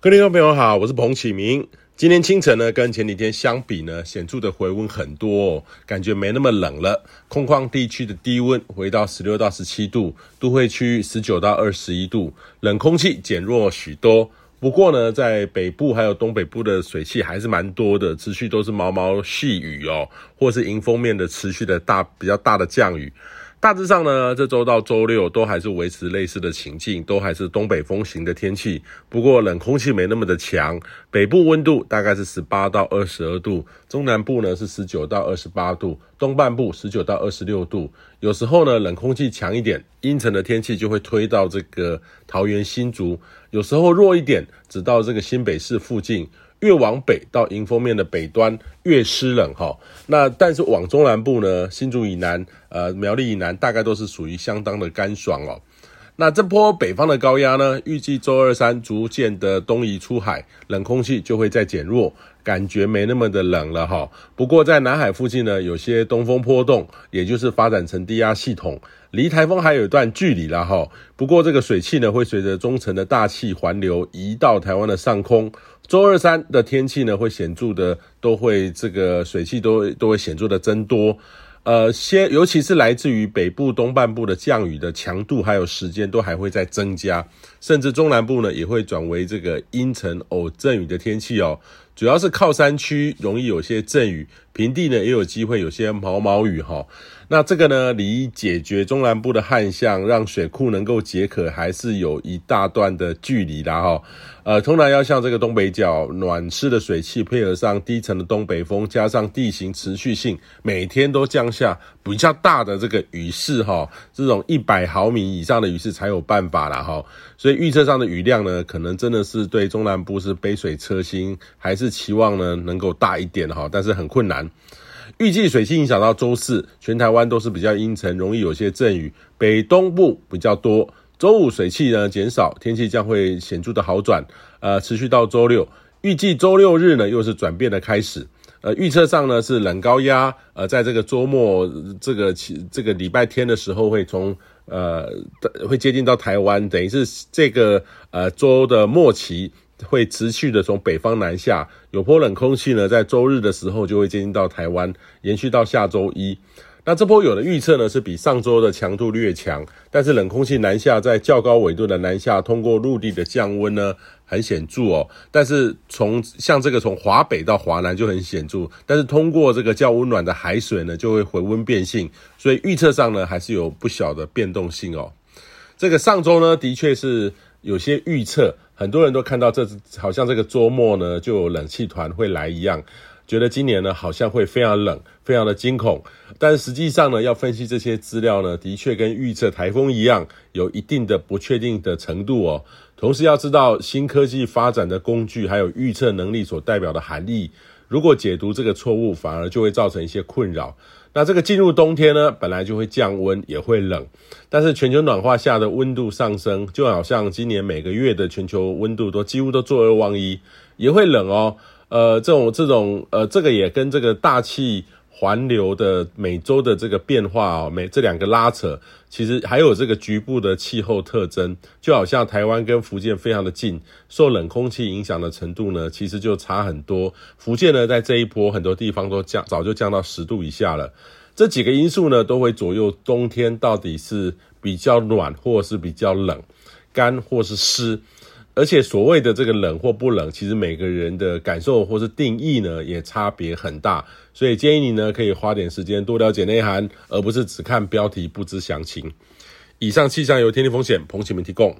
各位聽眾朋友好，我是彭啟明。今天清晨呢，跟前幾天相比呢，顯著的回溫很多，哦，感覺沒那麼冷了。空曠地區的低溫回到十六到十七度，都會區域十九到二十一度，冷空氣減弱許多。不過呢，在北部還有東北部的水汽還是蠻多的，持續都是毛毛細雨哦，或是迎風面的持續的大比較大的降雨。大致上呢，這週到週六都還是維持類似的情境，都還是東北風型的天氣。不過冷空氣沒那麼的強，北部溫度大概是十八到二十二度，中南部呢是十九到二十八度，東半部十九到二十六度。有時候呢冷空氣強一點，陰沉的天氣就會推到這個桃園新竹；有時候弱一點，只到這個新北市附近。越往北到迎風面的北端越濕冷哈、哦，那但是往中南部呢，新竹以南、呃苗栗以南大概都是屬於相當的乾爽哦。那這波北方的高壓呢，預計周二三逐漸的東移出海，冷空氣就會再減弱，感覺沒那麼的冷了哈。不過在南海附近呢，有些東風波動，也就是發展成低壓系統，離颱風還有一段距離了哈。不過這個水汽呢，會隨着中層的大氣環流移到台灣的上空，周二三的天氣呢，會顯著的都會這個水汽都都會顯著的增多。呃，先尤其是來自於北部東半部的降雨的強度，還有時間都還會再增加，甚至中南部呢也會轉為這個陰沉偶、哦、陣雨的天氣哦。主要是靠山區容易有些陣雨，平地呢也有機會有些毛毛雨哈。那這個呢離解決中南部的旱象，讓水庫能夠解渴，還是有一大段的距離啦哈。呃，通常要像這個東北角暖濕的水汽配合上低層的東北風，加上地形持續性，每天都降下比較大的這個雨勢哈，這種一百毫米以上的雨勢才有辦法啦哈。所以預測上的雨量呢，可能真的是對中南部是杯水車薪，還是。期望呢能夠大一點哈，但是很困難。預計水氣影響到周四，全台灣都是比較陰沉，容易有些陣雨，北東部比較多。周五水氣呢減少，天氣將會顯著的好轉，呃，持續到周六。預計周六日呢又是轉變的開始，呃，預測上呢是冷高壓，呃，在這個周末這個這個禮拜天的時候會從呃會接近到台灣，等於是這個呃周的末期。會持續的從北方南下，有波冷空氣呢，在周日的時候就會接近到台灣，延續到下周一。那這波有的預測呢是比上周的強度略強，但是冷空氣南下在較高緯度的南下，通過陸地的降溫呢很顯著哦。但是從像這個從華北到華南就很顯著，但是通過這個較溫暖的海水呢就會回溫變性，所以預測上呢還是有不小的變動性哦。這個上周呢的確是。有些預測，很多人都看到這，這好像這個周末呢，就有冷氣團會來一樣，覺得今年呢，好像會非常冷，非常的驚恐。但實際上呢，要分析這些資料呢，的確跟預測颱風一樣，有一定的不確定的程度哦。同時要知道，新科技發展的工具還有預測能力所代表的含義。如果解讀這個錯誤，反而就會造成一些困擾。那這個進入冬天呢，本來就會降溫，也會冷。但是全球暖化下的溫度上升，就好像今年每個月的全球溫度都幾乎都坐二望一，也會冷哦。呃，這種這種呃，這個也跟這個大氣。環流的每周的這個變化，每這兩個拉扯，其實還有這個局部的氣候特徵，就好像台灣跟福建非常的近，受冷空氣影響的程度呢，其實就差很多。福建呢，在這一波很多地方都降，早就降到十度以下了。這幾個因素呢，都會左右冬天到底是比較暖或是比較冷，乾或是濕。而且所謂的這個冷或不冷，其實每個人的感受或是定義呢，也差別很大。所以建議你呢，可以花點時間多了解內涵，而不是只看標題不知詳情。以上氣象由天氣風險彭啟明提供。